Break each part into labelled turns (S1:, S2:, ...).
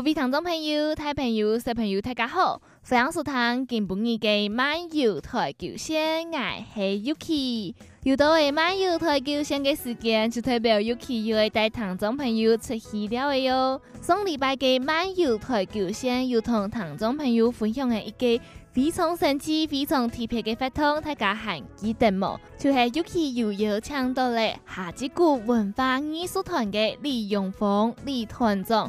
S1: 各位聽眾朋友、大朋友、小朋友，大家好！歡迎收聽今本日嘅《漫遊台九線，我係 Yuki。又到誒《漫遊台九線嘅時間，就代表 Yuki 又要帶聽眾朋友出去了喲。上禮拜嘅《漫遊台九線，又同聽眾朋友分享了一個非常神奇、非常特別嘅活動。大家還記得冇？就係 Yuki 又邀請到了夏志古文化藝術團嘅李永峰李團長。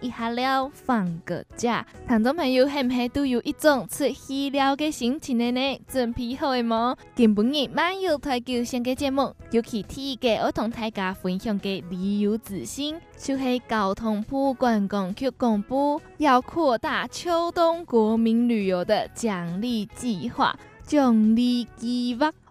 S1: 一下了放個假，聽眾朋友是，係唔係都有一種出戲了的心情呢？呢，準備好嘅麼？今半夜有台球上嘅節目，尤其第一個我同大家分享的旅遊資訊，就是交通部觀光局公布要擴大秋冬國民旅遊的獎勵計劃，獎勵計劃。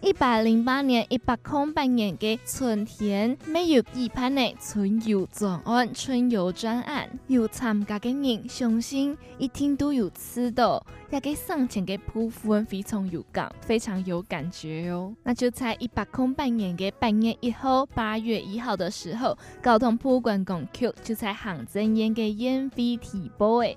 S1: 一百零八年一百零八年嘅春天，沒有預判嘅春遊專案，春遊專案，有參加嘅人，相信一聽都有吃到，一個上千嘅瀑布，非常有感，非常有感覺哦。那就在一百零八年嘅八月一號，八月一號的時候，交通博物館講起就在行政院嘅院會提報誒。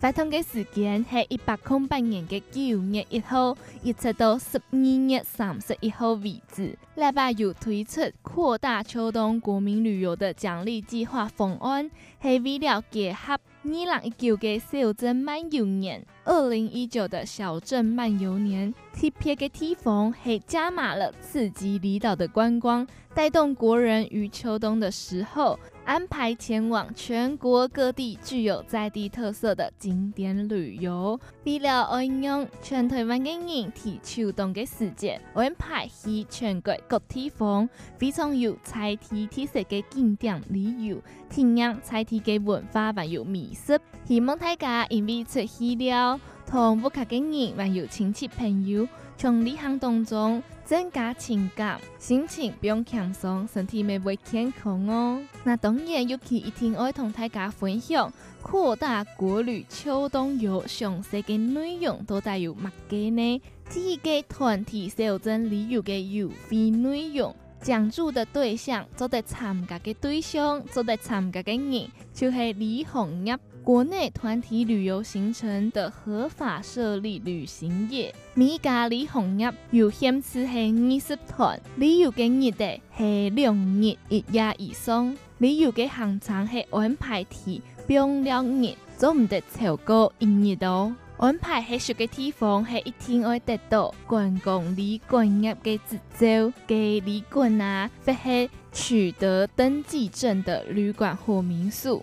S1: 開通嘅時間係一百零八年嘅九月一號，一直到十二月三十一號為止。禮拜又推出擴大秋冬國民旅遊的獎勵計劃方案，係為了結合二零一九嘅小鎮漫遊年。二零一九的小鎮漫遊年，TPG T 風還加碼了刺激離島的觀光，帶動國人於秋冬的時候安排前往全國各地具有在地特色的景點旅遊。為了運用全台灣嘅人，提秋冬嘅時節，安排去全國各地方非常有在地特色嘅景點旅遊，體驗在地嘅文化還有美食，希望大家 invite 同屋企嘅人，還有親戚朋友，從旅行當中增加情感、心情，不用輕鬆，身體咪會健康哦。那當然，尤其一定要同大家分享，擴大國旅秋冬遊詳細嘅內容，都帶有乜嘅呢？第一個團體小眾旅遊嘅優惠內容，講座的對象，做得參加嘅對象，做得參加嘅人，就係旅行業。國內團體旅遊行程的合法設立旅行業，每家旅行業，有限次係二十團。旅遊經歷的係兩日一夜以上，旅遊的行程係安排提，並兩日，總唔得超過一日哦。安排喺熟嘅地方係一天會得到觀光旅館業的執照嘅旅館啊，係取得登記證的旅館或民宿。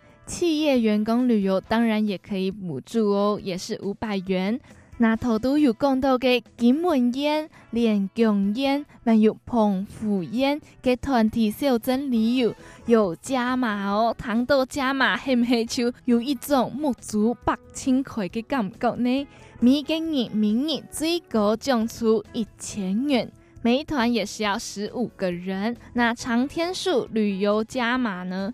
S1: 企業員工旅遊當然也可以補助哦，也是五百元。那頭都有講到嘅金門縣、連江縣，還有澎湖縣嘅團體小鎮旅遊有加碼哦，糖豆加碼係唔係，有一種補助八千塊嘅感覺呢。每間你明年最高獎出一千元，每團也是要十五個人。那長天數旅遊加碼呢？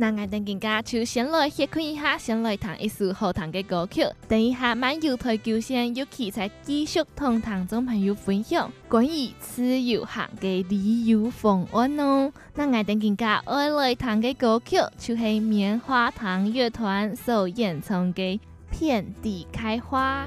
S1: 那俺等人家先來歇看一下，先來彈一首好彈嘅歌曲。等一下，慢腰台球上有奇才有，繼續同聽眾朋友分享關於自由行嘅旅遊方案咯。那俺等人家要來彈嘅歌曲，就是棉花糖樂團所演唱嘅《遍地開花》。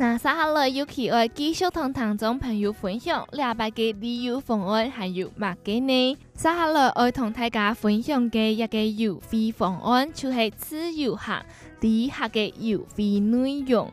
S1: 那接下嚟要其愛繼續同聽眾朋友分享廿八嘅旅遊方案，還有馬基呢。接下嚟愛同大家分享嘅一個優惠方案，就係自由行旅行嘅優惠內容。